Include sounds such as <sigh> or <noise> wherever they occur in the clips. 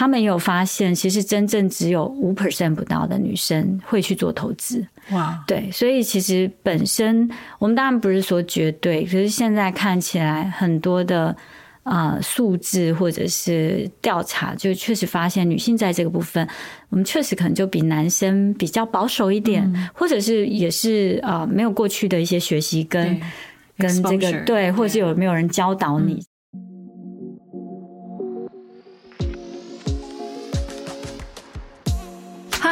他們也有發現，其實真正只有五 percent 不到的女生會去做投資。哇，Wow. 對，所以其實本身我們當然不是說絕對，可是現在看起來很多的啊、呃、數字或者是調查，就確實發現女性在這個部分，我們確實可能就比男生比較保守一點，嗯、或者是也是啊、呃、沒有過去的一些學習跟 exposure, 跟這個，對，或者是有沒有人教導你？對嗯。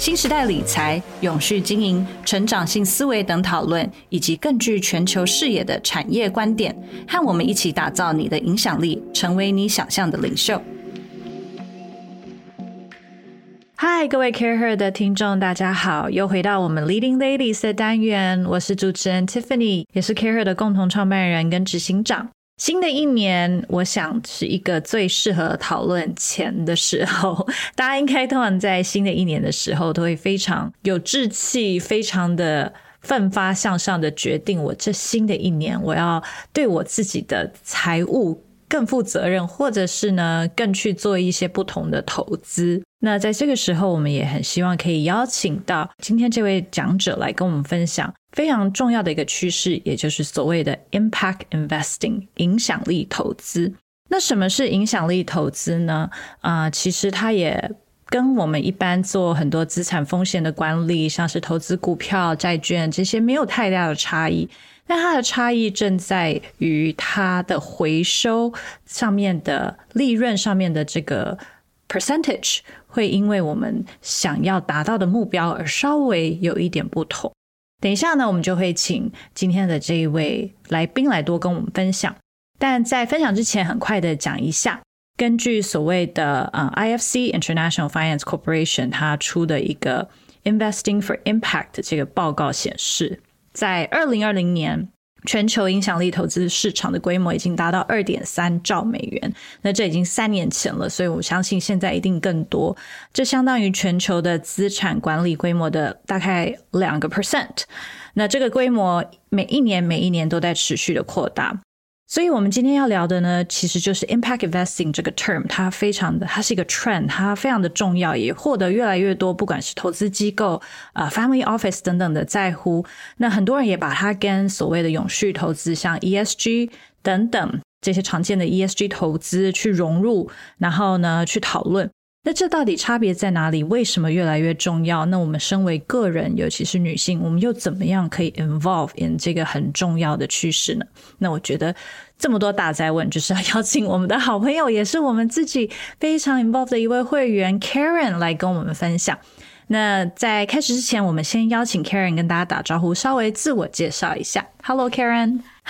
新時代理財、永續經營、成長性思維等討論，以及更具全球視野的產業觀點，和我們一起打造你的影響力，成為你想象的領袖。嗨，各位 CAREhER 的聽眾，大家好，又回到我們 Leading Ladies 的單元，我是主持人 Tiffany，也是 CAREhER 的共同創辦人跟執行長。新的一年，我想是一個最適合討論錢的時候。大家應該通常在新的一年的時候，都會非常有志氣，非常的奮發向上的決定。我這新的一年，我要對我自己的財務，更負責任，或者是呢，更去做一些不同的投資。那在這個時候，我們也很希望可以邀請到今天這位講者來跟我們分享非常重要的一個趨勢，也就是所謂的 impact investing，影響力投資。那什麼是影響力投資呢？啊、呃，其實它也跟我們一般做很多資產風險的管理，像是投資股票、債券這些，沒有太大的差異。但它的差異正在於它的回收上面的利潤上面的這個 percentage 會因為我們想要達到的目標而稍微有一點不同。等一下呢，我們就會請今天的這一位來賓來多跟我們分享。但在分享之前，很快的講一下，根據所謂的呃、uh, IFC International Finance Corporation 它出的一個 Investing for Impact 這個報告顯示，在二零二零年，全球影響力投資市場的規模已經達到二點三兆美元。那這已經三年前了，所以我們相信現在一定更多。這相當於全球的資產管理規模的大概兩個 percent。那這個規模每一年每一年都在持續的擴大。所以，我們今天要聊的呢，其實就是 impact investing 這個 term，它非常的，它是一個 trend，它非常的重要，也獲得越來越多，不管是投資機構、呃、uh, family office 等等的在乎。那很多人也把它跟所謂的永續投資，像 ESG 等等這些常見的 ESG 投資去融入，然後呢，去討論。那這到底差別在哪裡？為什麼越來越重要？那我們身為個人，尤其是女性，我們又怎麼樣可以 involve in 這個很重要的趨勢呢？那我覺得這麼多大哉問，就是要邀請我們的好朋友，也是我們自己非常 involve 的一位會員 Karen 來跟我們分享。那在開始之前，我們先邀請 Karen 跟大家打招呼，稍微自我介紹一下。Hello, Karen。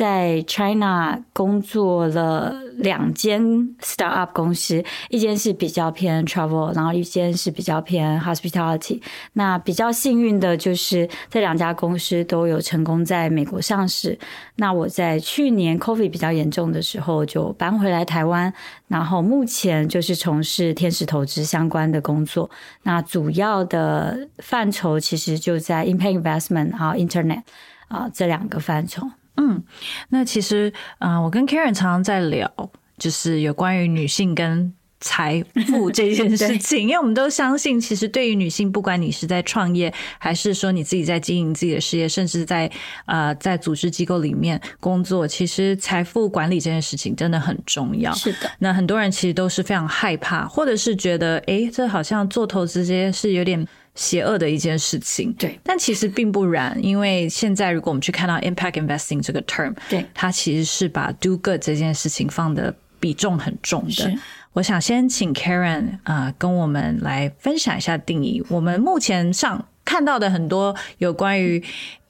在 China 工作了兩間 startup 公司，一間是比較偏 travel，然後一間是比較偏 hospitality。那比較幸運的就是這兩家公司都有成功在美國上市。那我在去年 COVID 比較嚴重的時候就搬回來台灣，然後目前就是從事天使投資相關的工作。那主要的範疇其實就在 impact in investment 啊，internet 啊、呃、這兩個範疇。嗯，那其實啊、呃，我跟 Karen 常常在聊，就是有關於女性跟財富這件事情。 <laughs> 對因為我們都相信，其實對於女性，不管你是在創業，還是說你自己在經營自己的事業，甚至在啊、呃，在組織機構裡面工作，其實財富管理這件事情真的很重要。是的，那很多人其實都是非常害怕，或者是覺得，哎，這好像做投資這些是有點。邪惡的一件事情，對，但其實並不然，因為現在如果我們去看到 impact investing 這個 term，對，它其實是把 do good 這件事情放得比重很重的。是我想先請 Karen 啊、呃，跟我們來分享一下定義。我們目前上看到的很多有關於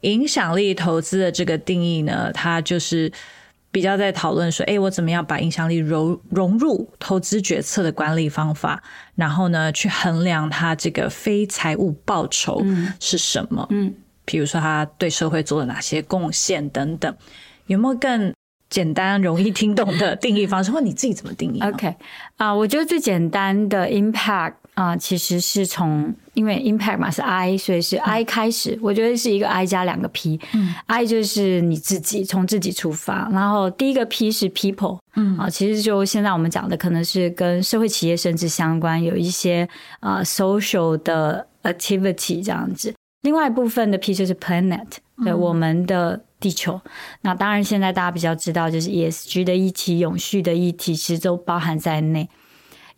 影響力投資的這個定義呢，它就是。比較在討論說，哎、欸，我怎麼樣把影響力融融入投資決策的管理方法，然後呢，去衡量它這個非財務報酬是什麼？嗯，嗯，比如說他對社會做了哪些貢獻等等，有沒有更簡單、容易聽懂的定義方式？或 <laughs> 你自己怎麼定義？OK，啊、uh,，我覺得最簡單的 impact 啊、uh,，其實是從。因為 impact 嘛，是 I，所以是 I 開始。嗯、我覺得是一個 I 加兩個 P，嗯，I 就是你自己，從自己出發。然後第一個 P 是 people，嗯啊，其實就現在我們講的，可能是跟社會企業甚至相關，有一些啊 social 的 activity 這樣子。另外一部分的 P 就是 planet，、嗯、對，我們的地球。那當然，現在大家比較知道，就是 ESG 的議題、永續的議題，其實都包含在內。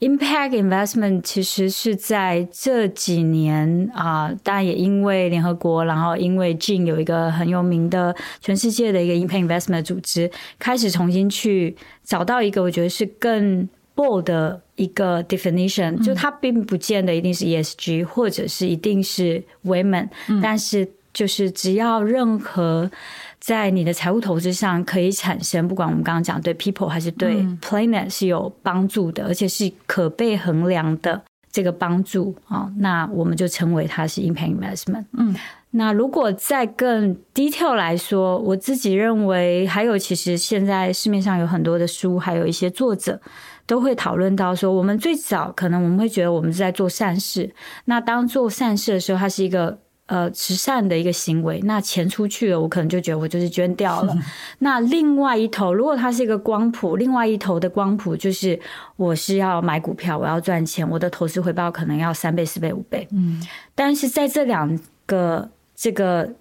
Impact investment 其實是在這幾年啊、呃，但也因為聯合國，然後因為 GIN 有一個很有名的全世界的一個 Impact investment 組織，開始重新去找到一個我覺得是更 bold 的一個 definition，、嗯、就它並不見得一定是 ESG 或者是一定是 women，、嗯、但是就是只要任何。在你的財務投資上可以產生，不管我們剛剛講對 people 還是對 planet、嗯、是有幫助的，而且是可被衡量的這個幫助啊、哦，那我們就稱為它是 impact investment。嗯，那如果再更 detail 來說，我自己認為還有，其實現在市面上有很多的書，還有一些作者都會討論到說，我們最早可能我們會覺得我們是在做善事，那當做善事的時候，它是一個。呃，慈善的一個行為，那錢出去了，我可能就覺得我就是捐掉了。是那另外一頭，如果它是一個光譜，另外一頭的光譜就是我是要買股票，我要賺錢，我的投資回報可能要三倍、四倍、五倍。嗯，但是在這兩個這個。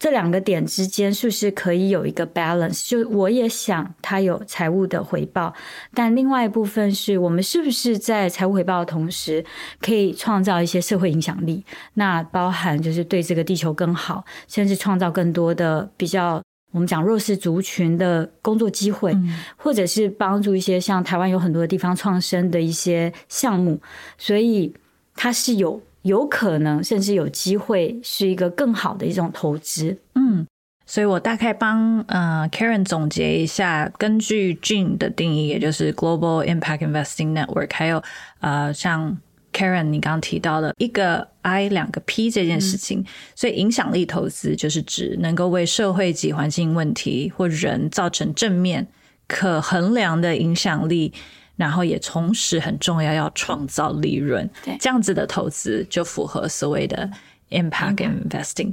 這兩個點之間是不是可以有一個 balance？就我也想它有財務的回報，但另外一部分是我們是不是在財務回報的同時，可以創造一些社會影響力？那包含就是對這個地球更好，甚至創造更多的比較我們講弱勢族群的工作機會，嗯、或者是幫助一些像台灣有很多地方創生的一些項目，所以它是有。有可能甚至有機會是一個更好的一種投資，嗯，所以我大概幫呃 Karen 總結一下，根據 GIIN 的定義，也就是 Global Impact Investing Network，還有呃像 Karen 你剛剛提到了一個 I 兩個 P 這件事情，嗯，所以影響力投資就是指能夠為社會及環境問題或人造成正面可衡量的影響力。然後也同時很重要，要創造利潤，對這樣子的投資就符合所謂的 impact investing。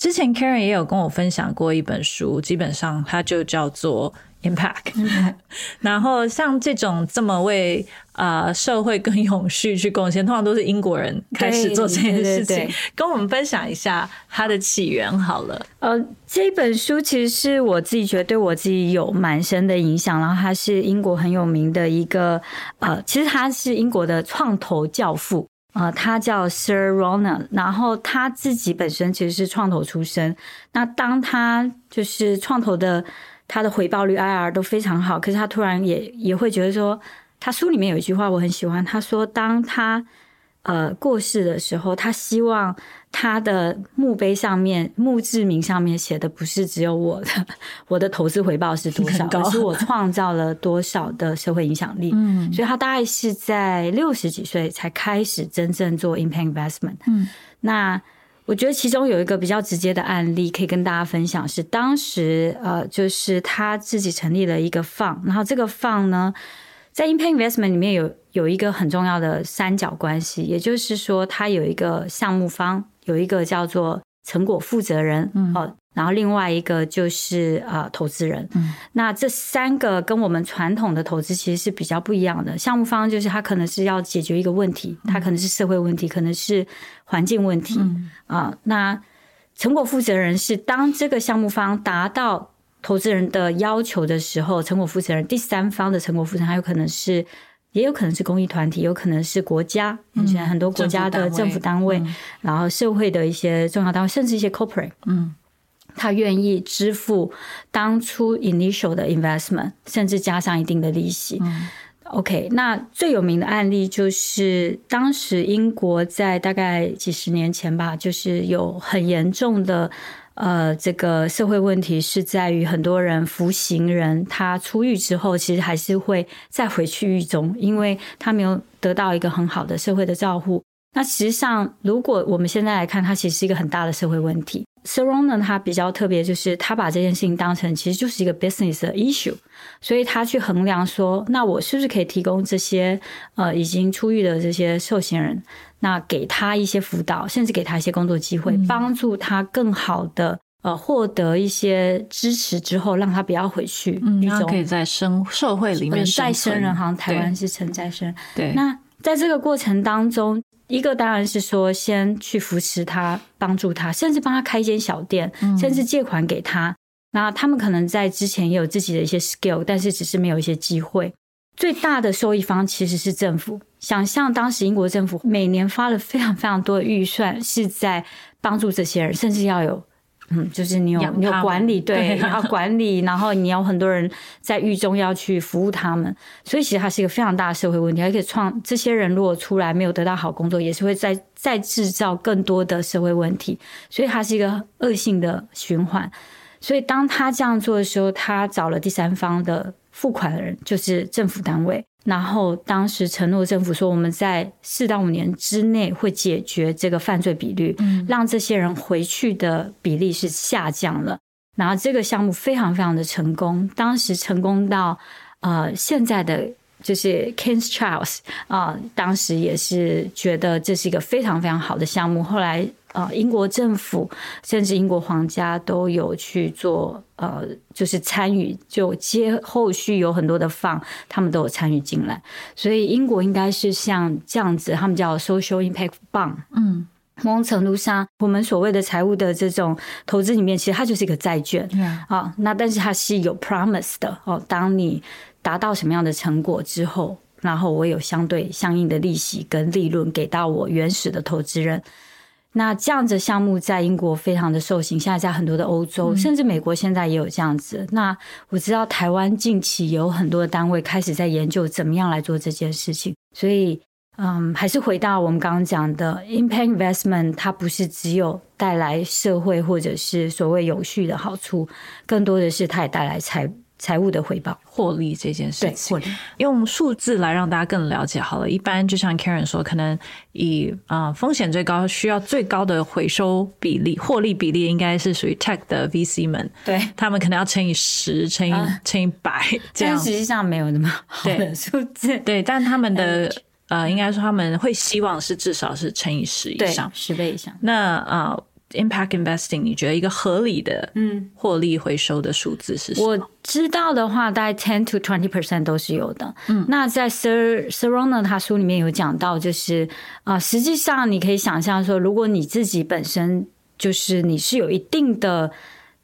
之前 Karen 也有跟我分享過一本書，基本上它就叫做 Impact。Okay. 然後像這種這麼為啊、呃、社會跟永續去貢獻，通常都是英國人開始做這件事情。對對對，跟我們分享一下它的起源好了。呃，這本書其實是我自己覺得對我自己有蠻深的影響，然後它是英國很有名的一個呃，其實它是英國的創投教父。呃，他叫 Sir Ronald，然後他自己本身其實是創投出身。那當他就是創投的，他的回報率 IR 都非常好，可是他突然也也會覺得說，他書裡面有一句話我很喜歡，他說，當他呃過世的時候，他希望。他的墓碑上面，墓誌銘上面寫的不是只有我的、我的投資回報是多少？而高是我創造了多少的社會影響力？ <laughs> 嗯，所以他大概是在六十幾歲才開始真正做 impact investment。嗯，那我覺得其中有一個比較直接的案例可以跟大家分享是，是當時呃，就是他自己成立了一個 fund，然後這個 fund 呢，在 impact investment 裡面有有一個很重要的三角關係，也就是說，他有一個項目方。有一個叫做成果負責人，嗯、然後另外一個就是啊投資人，嗯、那這三個跟我們傳統的投資其實是比較不一樣的。項目方就是他可能是要解決一個問題，他可能是社會問題，可能是環境問題，啊、嗯呃，那成果負責人是當這個項目方達到投資人的要求的時候，成果負責人第三方的成果負責人還有可能是。也有可能是公益團體，有可能是國家，目前很多國家的政府單位，嗯嗯、然後社會的一些重要單位，甚至一些 corporate，嗯，他願意支付當初 initial 的 investment，甚至加上一定的利息。嗯、OK，那最有名的案例就是當時英國在大概幾十年前吧，就是有很嚴重的。呃，這個社會問題是在於很多人服刑人他出獄之後，其實還是會再回去獄中，因為他沒有得到一個很好的社會的照顧。那實際上，如果我們現在來看，他，其實是一個很大的社會問題。Seron 呢，他比較特別，就是他把這件事情當成其實就是一個 business issue，所以他去衡量說，那我是不是可以提供這些呃已經出獄的這些受刑人。那給他一些輔導，甚至給他一些工作機會，幫、嗯、助他更好的呃獲得一些支持之後，讓他不要回去。嗯，種他可以在生社會裡面再生、呃、生人行，好像台灣是成再生。對，那在這個過程當中，一個當然是說先去扶持他，幫助他，甚至幫他開一間小店，甚至借款給他。嗯、那他們可能在之前也有自己的一些 skill，但是只是沒有一些機會。最大的受益方其實是政府。想象當時英國政府每年發了非常非常多的預算，是在幫助這些人，甚至要有，嗯，就是你有你有管理，對，然後 <laughs> 管理，然後你有很多人在獄中要去服務他們。所以其實它是一個非常大的社會問題，而且創這些人如果出來沒有得到好工作，也是會再再,再制造更多的社會問題。所以它是一個惡性的循環。所以當他這樣做的時候，他找了第三方的。付款的人就是政府單位，然後當時承諾政府說，我們在四到五年之內會解決這個犯罪比率，嗯、讓這些人回去的比例是下降了。然後這個項目非常非常的成功，當時成功到呃現在的就是 Kings Charles 啊、呃，當時也是覺得這是一個非常非常好的項目，後來。英國政府甚至英國皇家都有去做，呃，就是參與，就接後續有很多的 fund，他們都有參與進來。所以英國應該是像這樣子，他們叫 social impact bond。嗯，某種程度上，我們所謂的財務的這種投資裡面，其實它就是一個債券。Yeah. 啊，那但是它是有 promise 的哦，啊，當你達到什麼樣的成果之後，然後我有相對相應的利息跟利潤給到我原始的投資人。那這樣子項目在英國非常的盛行，現在在很多的歐洲，嗯、甚至美國現在也有這樣子。那我知道台灣近期也有很多的單位開始在研究怎麼樣來做這件事情，所以，嗯，還是回到我們剛剛講的，impact In investment，它不是只有帶來社會或者是所謂有序的好處，更多的是它也帶來財富。財務的回報、獲利這件事情，對，獲利。用數字來讓大家更了解好了。一般就像 Karen 說，可能以啊、呃、風險最高、需要最高的回收比例、獲利比例，應該是屬於 Tech 的 VC 們，對他們可能要乘以十、乘以、呃、乘以百，這樣實際上沒有那麼好的數字。對, <laughs> 對，但他們的呃，應該說他們會希望是至少是乘以十以上，十倍以上。那啊。呃 Impact investing，你覺得一個合理的嗯獲利回收的數字是什麼？我知道的話，大概 ten to twenty percent 都是有的。嗯，那在 Sir Ronald 他書裡面有講到，就是啊、呃，實際上你可以想象說，如果你自己本身就是你是有一定的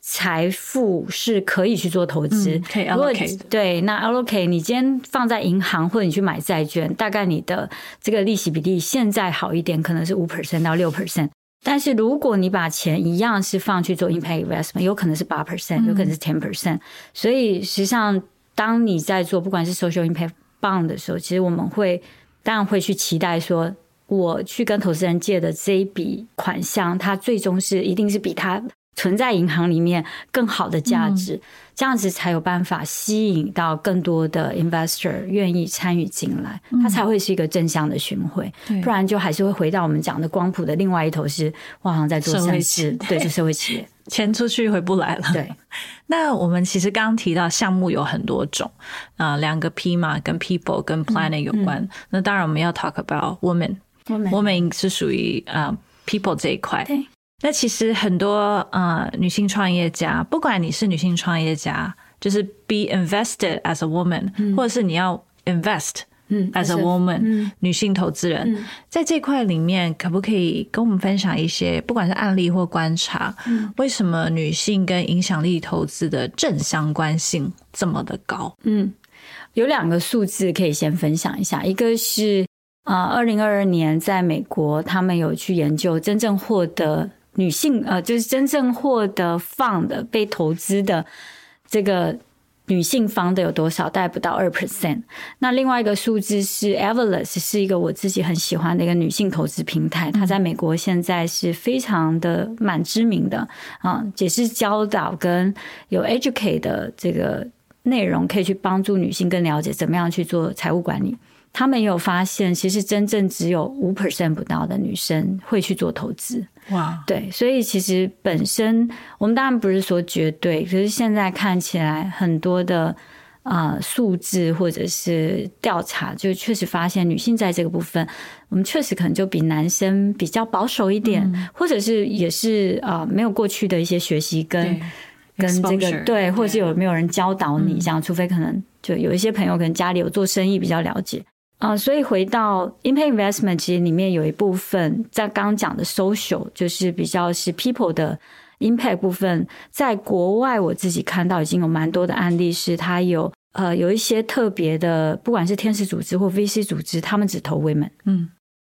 財富，是可以去做投資。如果、嗯、對那 allocate，你今天放在銀行或者你去買債券，大概你的這個利息比例現在好一點，可能是五 percent 到六 percent。但是如果你把錢一樣是放去做 impact investment，有可能是八 percent，有可能是 ten percent。嗯、所以實際上，當你在做不管是 social impact bond 的時候，其實我們會當然會去期待說，我去跟投資人借的這一筆款項，它最終是一定是比它。存在銀行裡面更好的價值，嗯、這樣子才有辦法吸引到更多的 investor 願意參與進來，它、嗯、才會是一個正向的循環。對不然就還是會回到我們講的光譜的另外一頭是，哇，好像在做善事，對，是社會企業，錢出去回不來了。對，那我們其實剛剛提到項目有很多種，啊、呃，兩個 P 嘛，跟 people、跟 planet 有關。嗯嗯、那當然我們要 talk about women，women 是屬於啊 people 這一塊。那其實很多、呃、女性創業家，不管你是女性創業家，就是 be invested as a woman，、嗯、或者是你要 invest as a woman，、嗯、女性投資人，嗯嗯、在這塊裡面，可不可以跟我們分享一些，不管是案例或觀察，嗯、為什麼女性跟影響力投資的正相關性這麼的高？嗯，有兩個數字可以先分享一下，一個是啊，二零二二年在美國，他們有去研究真正獲得女性，呃，就是真正獲得 fund 的被投資的這個女性 fund 的有多少？大概不到二 percent。那另外一個數字是 Everless，是一個我自己很喜歡的一個女性投資平台，它在美國現在是非常的蠻知名的啊，也、嗯、是教導跟有 educate 的這個內容，可以去幫助女性更了解怎麼樣去做財務管理。他們也有發現，其實真正只有五 percent 不到的女生會去做投資。哇，Wow. 對，所以其實本身我們當然不是說絕對，可是現在看起來很多的啊數字或者是調查，就確實發現女性在這個部分，我們確實可能就比男生比較保守一點，嗯、或者是也是啊沒有過去的一些學習跟對跟這個對，對或者是有沒有人教導你，這樣對除非可能就有一些朋友可能家裡有做生意比較了解。啊、嗯，所以回到 impact investment，其實裡面有一部分在剛講的 social，就是比較是 people 的 impact 部分。在國外，我自己看到已經有蠻多的案例是它，是他有呃有一些特別的，不管是天使組織或 VC 組織，他們只投 women。嗯，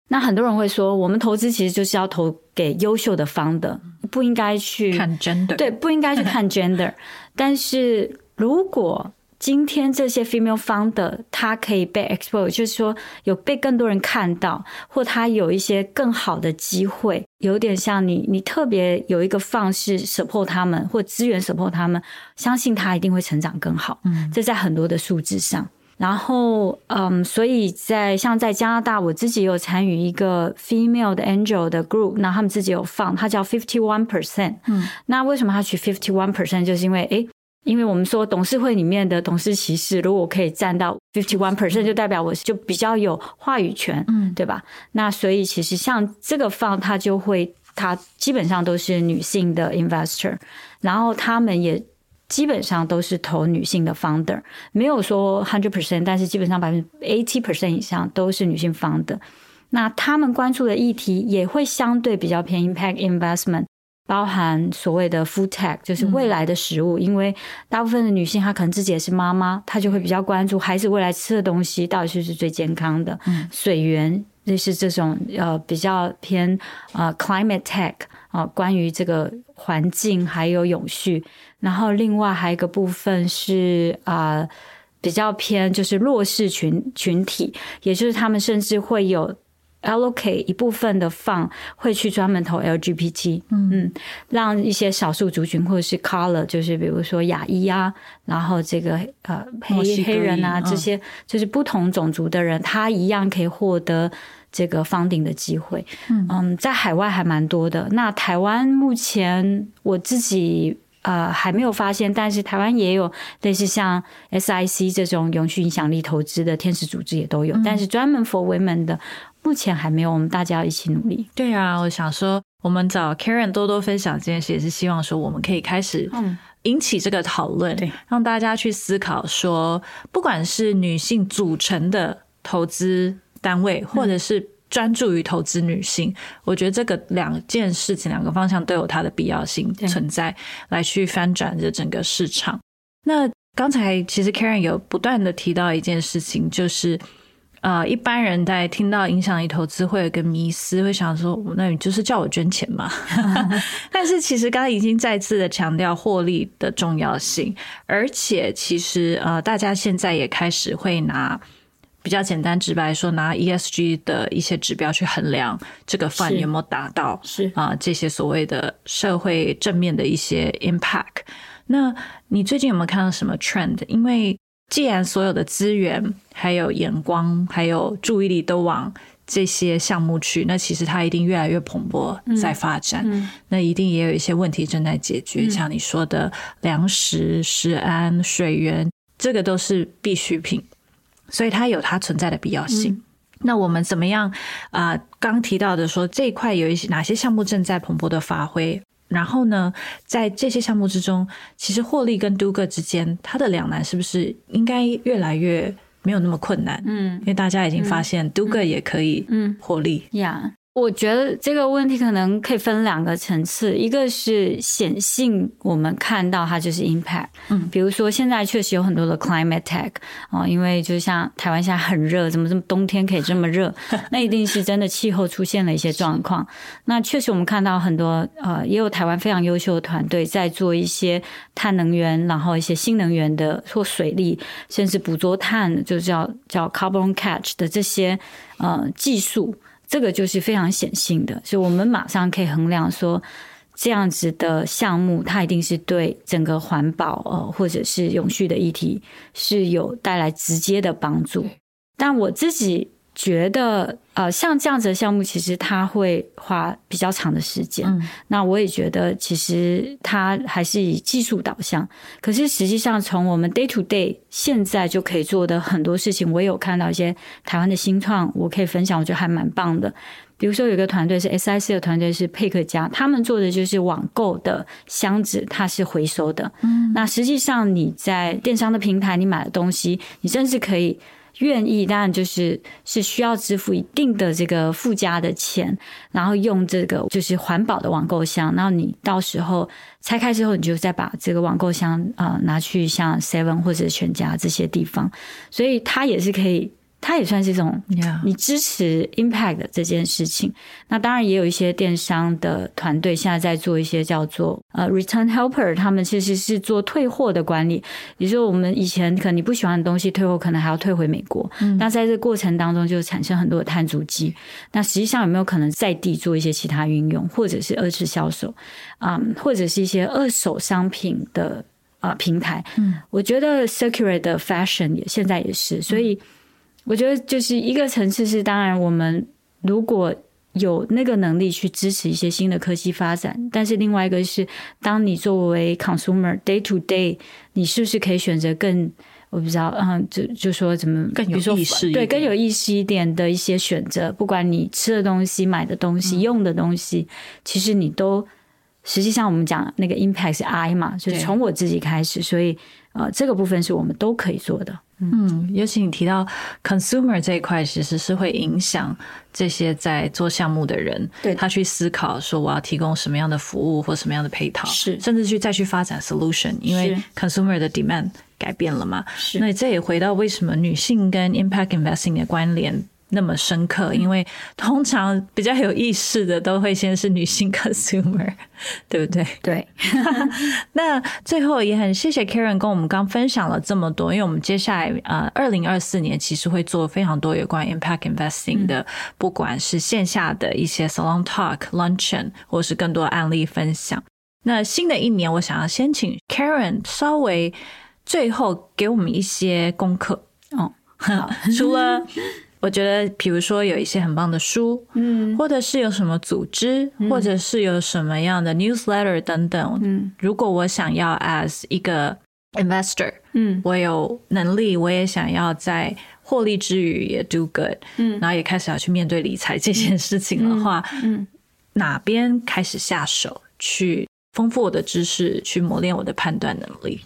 那很多人會說，我們投資其實就是要投給優秀的 founder，不應該去看 gender。對，不應該去看 gender。 <laughs> 但是如果今天這些 female founder，她可以被 expose，就是說有被更多人看到，或她有一些更好的機會，有點像你，你特別有一個 fund 是 support 他們，或資源 support 他們，相信他一定會成長更好。嗯，這在很多的數字上。嗯、然後，嗯，所以在像在加拿大，我自己有參與一個 female 的 angel 的 group，那他們自己有 fund，他叫 fifty one percent。嗯，那為什麼他取 fifty one percent？就是因為，哎。因為我們說董事會裡面的董事席次，如果可以占到 fifty one percent，就代表我就比較有話語權，嗯，對吧？那所以其實像這個 fund，它就會，它基本上都是女性的 investor，然後他們也基本上都是投女性的 founder，沒有說 hundred percent，但是基本上百分之 eighty percent 以上都是女性 founder，那他們關注的議題也會相對比較偏 impact investment。包含所謂的 food tech，就是未來的食物，嗯、因為大部分的女性她，可能自己也是媽媽，她就會比較關注孩子未來吃的東西到底是不是最健康的。嗯、水源，那是這種呃比較偏呃 climate tech 啊、呃，關於這個環境還有永續。然後另外還有一個部分是啊、呃、比較偏就是弱勢群群體，也就是他們甚至會有。Allocate 一部分的 fund 會去專門投 LGBT，嗯,嗯，讓一些少數族群或者是 Color，就是比如說亞裔啊，然後這個呃黑黑,黑人啊，這些就是不同種族的人，他一樣可以獲得這個 funding 的機會。嗯嗯，在海外還蠻多的。那台灣目前我自己呃還沒有發現，但是台灣也有類似像 SIC 這種永續影響力投資的天使組織也都有，嗯、但是專門 For Women 的。目前還沒有，我們大家要一起努力。對啊，我想說，我們找 Karen 多多分享這件事，也是希望說，我們可以開始，嗯，引起這個討論，嗯、對，讓大家去思考說，不管是女性組成的投資單位，或者是專注於投資女性，嗯、我覺得這個兩件事情，兩個方向都有它的必要性對存在，來去翻轉這整個市場。那剛才其實 Karen 有不斷的提到一件事情，就是。呃，一般人在聽到影響力投資會有一個迷思，會想說，那你就是叫我捐錢嘛。 <laughs> 但是其實剛剛已經再次的強調獲利的重要性，而且其實呃，大家現在也開始會拿比較簡單直白說，拿 ESG 的一些指標去衡量這個 fund 有沒有達到是啊、呃、這些所謂的社會正面的一些 impact。那你最近有沒有看到什麼 trend？因為既然所有的資源。還有眼光，還有注意力都往這些項目去，那其實它一定越來越蓬勃在發展。嗯嗯、那一定也有一些問題正在解決，嗯、像你說的糧食、食安、水源，嗯、這個都是必需品，所以它有它存在的必要性。嗯、那我們怎麼樣啊、呃？剛提到的說這一塊有一些哪些項目正在蓬勃的發揮？然後呢，在這些項目之中，其實獲利跟都個之間，它的兩難是不是應該越來越？沒有那麼困難，嗯，因為大家已經發現，doer，嗯，也可以嗯，嗯，獲，嗯，利，嗯。我覺得這個問題可能可以分兩個層次，一個是顯性，我們看到它就是 impact，嗯，比如說現在確實有很多的 climate tech，哦、呃，因為就像台灣現在很熱，怎麼這麼冬天可以這麼熱？那一定是真的氣候出現了一些狀況。那確實我們看到很多呃，也有台灣非常優秀的團隊在做一些碳能源，然後一些新能源的或水力，甚至捕捉碳，就叫叫 carbon catch 的這些呃技術。這個就是非常顯性的，所以我們馬上可以衡量說，這樣子的項目，它一定是對整個環保呃或者是永續的議題是有帶來直接的幫助。但我自己覺得呃，像這樣子的項目，其實他會花比較長的時間。嗯，那我也覺得，其實它還是以技術導向。可是實際上，從我們 day to day 現在就可以做的很多事情，我也有看到一些台灣的新創，我可以分享，我覺得還蠻棒的。比如說，有個團隊是 SIC 的團隊是配客嘉，他們做的就是網購的箱子，它是回收的。嗯，那實際上你在電商的平台你買的東西，你甚至可以。願意，當然就是是需要支付一定的這個附加的錢，然後用這個就是環保的網購箱，然後你到時候拆開之後，你就再把這個網購箱啊、呃、拿去像 Seven 或者全家這些地方，所以它也是可以。它也算是一種，你支持 impact 這件事情。Yeah. 那當然也有一些電商的團隊現在在做一些叫做呃 return helper，他們其實是做退貨的管理。比如說我們以前可能你不喜歡的東西退貨，可能還要退回美國，那、嗯、在這個過程當中就產生很多的碳足跡。嗯、那實際上有沒有可能在地做一些其他運用，或者是二次銷售啊，或者是一些二手商品的啊平台？嗯，我覺得 circular 的 fashion 也現在也是，所以、嗯。我覺得就是一個層次是，當然我們如果有那個能力去支持一些新的科技發展，嗯、但是另外一個是，當你作為 consumer day to day，你是不是可以選擇更，我不知道，嗯，就就說怎麼更有意識一點，對，更有意識一點的一些選擇，不管你吃的東西、買的東西、嗯、用的東西，其實你都實際上我們講那個 impact I 嘛，就是從我自己開始，對所以呃，這個部分是我們都可以做的。嗯，尤其你提到 consumer 這一塊，其實是會影響這些在做項目的人，對，他去思考說我要提供什麼樣的服務或什麼樣的配套，是，甚至去再去發展 solution，因為 consumer 的 demand 改變了嘛。是，那這也回到為什麼女性跟 impact investing 的關聯。那麼深刻，因為通常比較有意識的都會先是女性 consumer，對不對？對。 <laughs> <laughs> 那最後也很謝謝 Karen 跟我們剛分享了這麼多，因為我們接下來啊二零二四年其實會做非常多有關 impact investing 的，嗯，不管是線下的一些 salon talk luncheon，或是更多案例分享。那新的一年，我想要先請 Karen 稍微最後給我們一些功課哦，好 <laughs> 除了。我覺得，比如說有一些很棒的書，嗯，或者是有什麼組織，嗯，或者是有什麼樣的 newsletter 等等，嗯，如果我想要 as 一個 investor，嗯，我有能力，我也想要在獲利之餘也 do good，嗯，然後也開始要去面對理財這件事情的話，嗯，嗯，哪邊開始下手去豐富我的知識，去磨練我的判斷能力？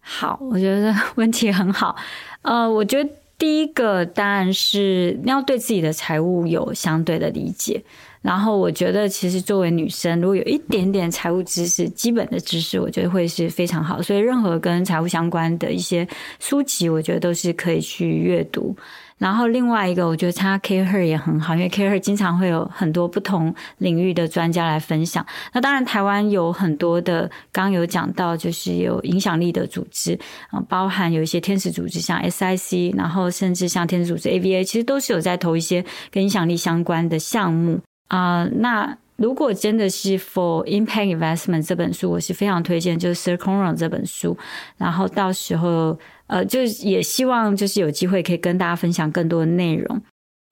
好，我覺得問題很好，呃，我覺得。第一個當然是要對自己的財務有相對的理解，然後我覺得其實作為女生，如果有一點點財務知識、基本的知識，我覺得會是非常好。所以任何跟財務相關的一些書籍，我覺得都是可以去閱讀。然後另外一個，我覺得他 CAREhER 也很好，因為 CAREhER 經常會有很多不同領域的專家來分享。那當然，台灣有很多的，剛有講到，就是有影響力的組織，包含有一些天使組織，像 SIC，然後甚至像天使組織 ABA 其實都是有在投一些跟影響力相關的項目啊、呃。那如果真的是 For Impact Investment 這本書，我是非常推薦，就是 Sir Conron 這本書。然後到時候，呃，就也希望就是有機會可以跟大家分享更多的內容。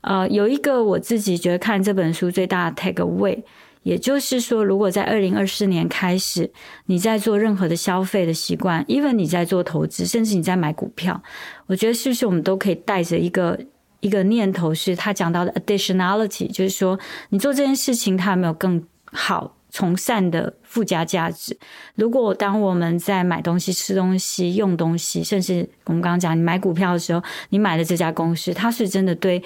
呃，有一個我自己覺得看這本書最大的 Takeaway，也就是說，如果在二零二四年開始，你在做任何的消費的習慣，even 你在做投資，甚至你在買股票，我覺得是不是我們都可以帶着一個，一個念頭是他講到的 additionality，就是說你做這件事情，它有沒有更好從善的附加價值？如果當我們在買東西、吃東西、用東西，甚至我們剛剛講你買股票的時候，你買的這家公司，它是真的對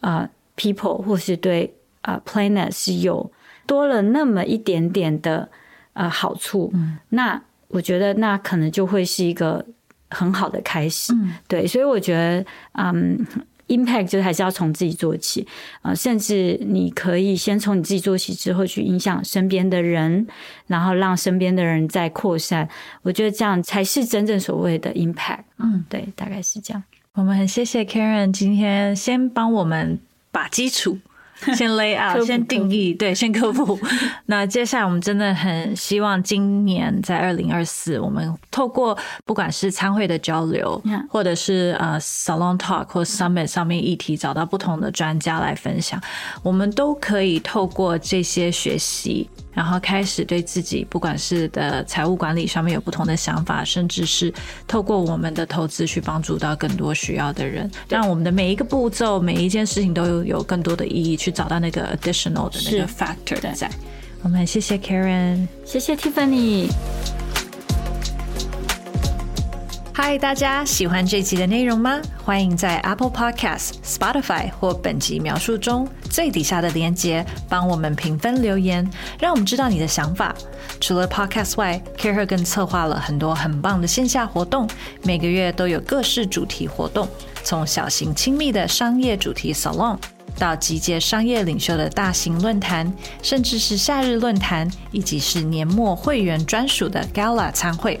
啊 people 或是對啊 planet 是有多了那麼一點點的啊好處，嗯、那我覺得那可能就會是一個很好的開始。嗯、對，所以我覺得嗯。Um, Impact 就還是要從自己做起啊、呃，甚至你可以先從你自己做起，之後去影響身邊的人，然後讓身邊的人再擴散。我覺得這樣才是真正所謂的 Impact。嗯，嗯對，大概是這樣。我們很謝謝 Karen 今天先幫我們把基礎。先 lay out <laughs> 先定義，對，先科普。 <laughs> 那接下來我們真的很希望，今年在二零二四，我們透過不管是參會的交流，Yeah. 或者是呃、uh, salon talk 或 summit 上面議題，Yeah. 找到不同的專家來分享，Yeah. 我們都可以透過這些學習。然後開始對自己，不管是的財務管理上面有不同的想法，甚至是透過我們的投資去幫助到更多需要的人，對讓我們的每一個步驟每一件事情都有，有更多的意義，去找到那個 additional 的那個 factor 在。我們謝謝 Karen，謝謝 Tiffany。Hi 大家，喜歡這集的內容嗎？歡迎在 Apple Podcast、Spotify 或本集描述中。最底下的鏈接，幫我們評分留言，讓我們知道你的想法。除了 Podcast 外，CAREhER 策劃了很多很棒的線下活動，每個月都有各式主題活動，從小型親密的商業主題 Salon，到集結商業領袖的大型論壇，甚至是夏日論壇，以及是年末會員專屬的 Gala 餐會。